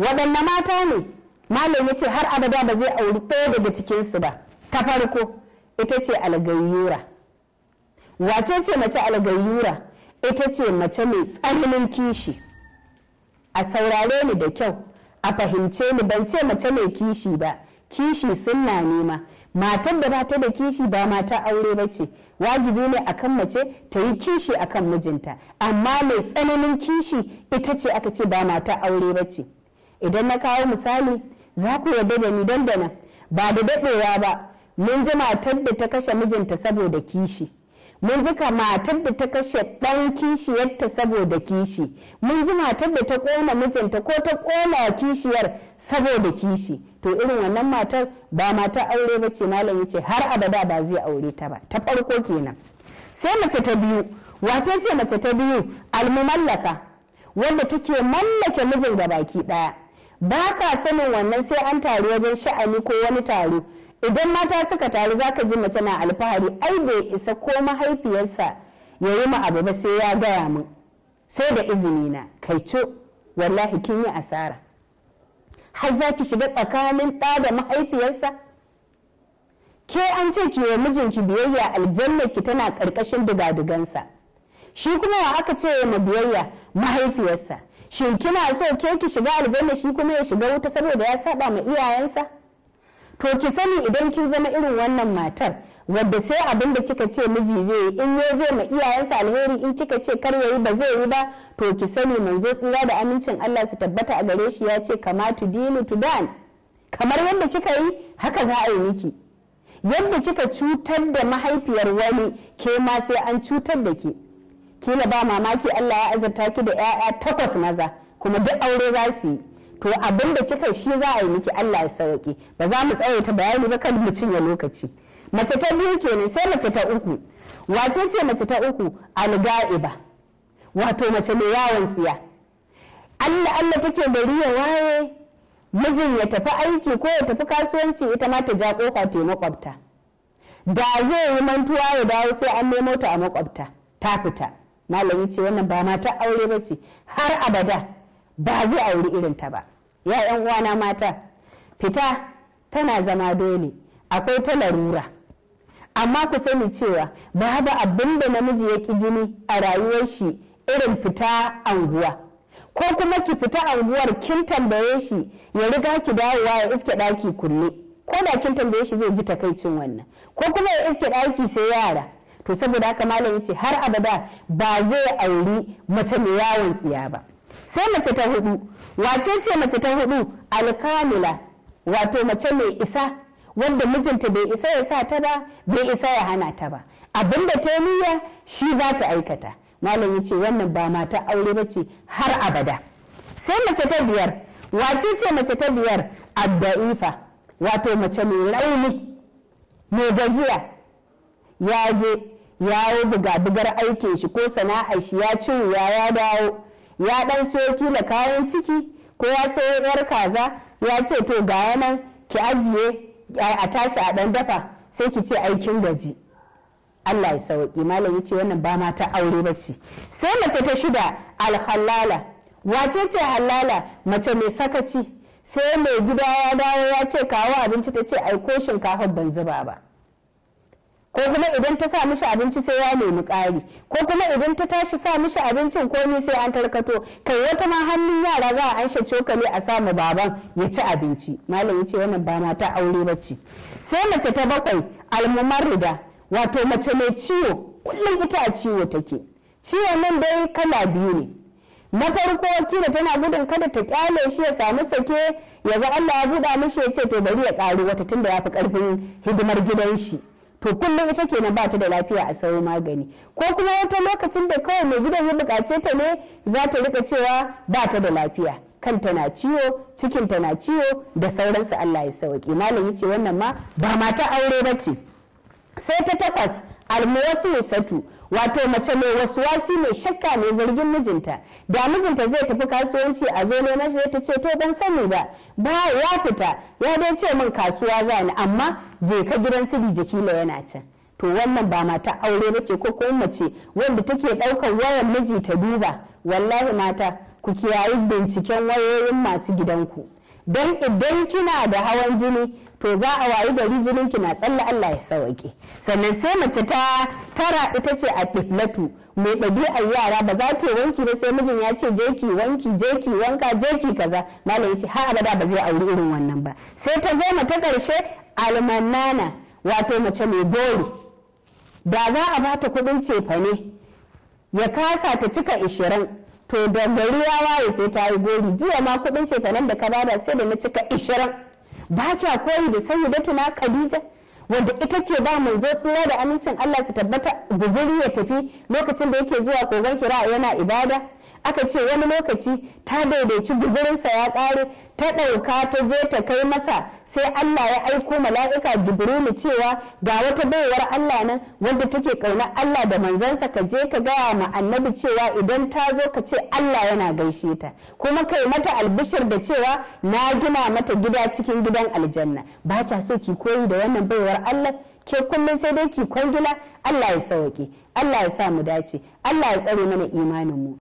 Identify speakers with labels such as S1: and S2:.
S1: waɗanne mata ne malam ya ce har abada ba zai auri ɗaya daga cikinsu ba ta farko ita ce algayyura wace ce mace algayyura ita ce mace mai tsananin kishi a saurare ni da kyau a fahimce ni ban ce mace mai kishi ba kishi sunna nema matan da ta da kishi ba mata aure ba ce wajibi ne akan mace ta yi kishi akan mijinta amma mai tsananin kishi ita ce aka ce ba mata aure ba ce idan na kawo misali za ku yarda da ni dandana ba da daɗewa ba mun ji matar da ta kashe mijinta saboda kishi mun ji matar da ta kashe ɗan kishiyarta saboda kishi mun ji matar da ta ƙona mijinta ko ta ƙona kishiyar saboda kishi to irin wannan matar ba matar aure ba ce malam ya ce har abada ba zai aure ta ba ta farko kenan sai mace ta biyu wace ce mace ta biyu almumallaka wanda take mallake mijin da baki ɗaya ba ka sanin wannan sai an taru wajen sha'ani ko wani taro idan mata suka taru za ka ji mace na alfahari ai bai isa ko mahaifiyarsa ya yi ma abu ba sai ya gaya min sai da izini na kai co wallahi kin yi asara har za ki shiga tsakanin ɗa da mahaifiyarsa ke an ce ki wa mijinki biyayya aljanna ki tana ƙarƙashin digadigansa shi kuma wa aka ce ma biyayya mahaifiyarsa shin kina so ke ki shiga aljanna shi kuma ya shiga wuta saboda ya saba ma iyayensa to ki sani idan kin zama irin wannan matar wadda sai abin da kika ce miji zai yi in ya zai ma iyayensa alheri in kika ce kar yayi ba zai yi ba to ki sani manzo tsira da amincin Allah su tabbata a gare shi ya ce kamatu dinu tudan kamar yadda kika yi haka za a yi miki yadda kika cutar da mahaifiyar wani ke ma sai an cutar da ke kila ba mamaki Allah ya azurta ki da 'ya'ya takwas maza kuma duk aure za su yi to abin da kika shi za a yi miki Allah ya sauki ba za mu tsawaita bayani ba kan mu cinye lokaci mace ta biyu kenan sai mace ta uku wace ce mace ta uku alga'iba wato mace mai yawon tsiya Allah Allah take bari ya waye mijin ya tafi aiki ko ya tafi kasuwanci ita ma ta ja kofa ta makwabta da zai yi mantuwa ya dawo sai an nemo ta a makwabta ta fita malami ce wannan ba mata aure ba ce har abada ba zai auri irin ta ba ya yan uwana mata fita tana zama dole akwai ta larura amma ku sani cewa babu abin da namiji ya ƙi jini a rayuwar shi irin fita anguwa ko kuma ki fita anguwar kin tambaye shi ya riga ki dawowa ya iske ɗaki kulle ko da kin tambaye shi zai ji takaicin wannan ko kuma ya iske ɗaki sai yara to saboda haka malam yace har abada ba zai auri mace mai yawon tsiya ba sai mace ta hudu wace ce mace ta hudu alkamila wato mace mai isa wanda mijinta bai isa ya sa ta ba bai isa ya hana ta ba abinda ta niyya shi za ta aikata malam yace wannan ba mata aure ba ce har abada sai mace ta biyar wace ce mace ta biyar adda'ifa wato mace mai rauni mai gajiya ya je ya yi buga-bugar aikin shi ko sana'ar shi ya ci wuya ya dawo ya dan siyo kila kayan ciki ko ya sayo yar kaza ya ce to ga nan ki ajiye a tashi a dan dafa sai ki ce aikin gaji Allah ya sauki malam yace wannan ba mata aure ba sai mace ta shida alhalala wace ce halala mace mai sakaci sai mai gida ya dawo ya ce kawo abinci ta ce aiko shinkafar ban zuba ba ko kuma idan ta sa mishi abinci sai ya nemi ƙari ko kuma idan ta tashi sa mishi abincin komi sai an tarkato kai wata ma hannun yara za a anshe cokali a samu baban ya ci abinci malam ya ce wannan ba mata aure bacci sai mace ta bakwai almumarrida wato mace mai ciwo kullum ita a ciwo take ciwon nan dai kala biyu ne na farko kila tana gudun kada ta kyale shi ya samu sake ya ga Allah ya buɗa mishi ya ce to bari ya ƙaru wata tunda ya fi ƙarfin hidimar gidan shi to kullum ita kenan ba ta da lafiya a sayo magani ko kuma wata lokacin da kawai mai gidan ya bukace ta ne za ta rika cewa ba ta da lafiya kanta na ciwo cikinta na ciwo da sauransu Allah ya sauki malam ce wannan ma ba mata aure ba ce sai ta takwas almuwasu satu wato mace mai wasu wasi mai shakka mai zargin mijinta da mijinta zai tafi kasuwanci a zai na shi ta ce to ban sani ba ba ya fita ya dai ce min kasuwa za ni amma je ka gidan su jikila yana can to wannan ba mata aure ba ko ko mace wanda take daukar wayar miji ta duba wallahi mata ku kiyayi binciken wayoyin masu gidanku don idan kina da hawan jini to za a wayi gari jinin ki na tsalle Allah ya sauke sannan sai mace ta tara ita ce a tiflatu mai a yara ba za ta wanki ba sai mijin ya ce je ki wanki je ki wanka je ki kaza malam yace har abada ba zai auri irin wannan ba sai ta goma ta karshe almanana wato mace mai bori da za a bata kuɗin cefane ya kasa ta cika ishirin to da gari ya waye sai ta yi gori jiya ma kuɗin cefanen da ka bada sai da na cika ishirin ba kya koyi da sayyidatuna khadija wanda ita ke ba je tsira da amincin Allah su tabbata guzuri ya tafi lokacin da yake zuwa kogon kira yana ibada aka ce wani lokaci ta daidaici guzurinsa ya kare. ta ɗauka ta je ta kai masa sai Allah ya aiko mala'ika Jibrilu cewa ga wata baiwar Allah nan wanda take kauna Allah da manzansa ka je ka gaya ma annabi cewa idan ta zo ka ce Allah yana gaishe ta kuma kai mata albishir da cewa na gina mata gida cikin gidan aljanna ba kya so ki koyi da wannan baiwar Allah ke kullum sai dai ki kwangila Allah ya sauke Allah ya sa mu dace Allah ya tsare mana imanin mu